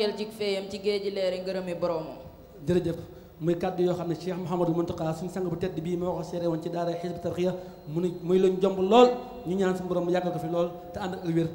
kel jik feeyam ci géeji leeri ngërëmi boroomam jërëjëf muy kàddu yoo xam ne Cheikh Mouhamadou Mountakha suñu sang bu tedd bii moo ko seere woon ci daara Hizbut Tarqiyyah mu ne muy lañ jomb lool ñu ñaan suñu borom mu ko fi lool te ànd ak wér